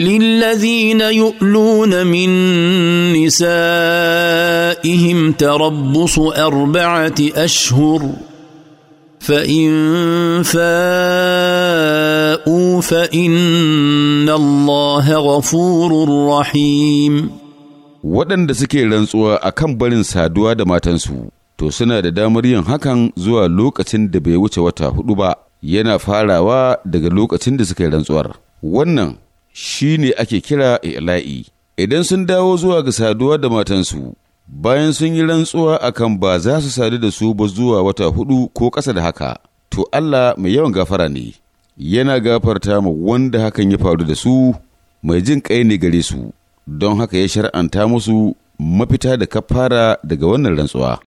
للذين يؤلون من نسائهم تربص اربعه اشهر فان فاءوا فان الله غفور رحيم waɗanda suke rantsuwa a kan barin saduwa da matansu to suna da damar yin hakan zuwa lokacin da bai wuce wata hudu ba yana farawa daga lokacin da suke rantsuwar wannan shi ne ake kira ila'i idan sun dawo zuwa ga saduwa da matansu bayan sun yi rantsuwa akan ba za su sadu da su ba zuwa wata hudu ko ƙasa da haka to Allah mai yawan gafara ne yana gafarta ma wanda hakan ya faru da su mai jin kai ne gare su don haka ya shar'anta musu mafita da kafara daga wannan rantsuwa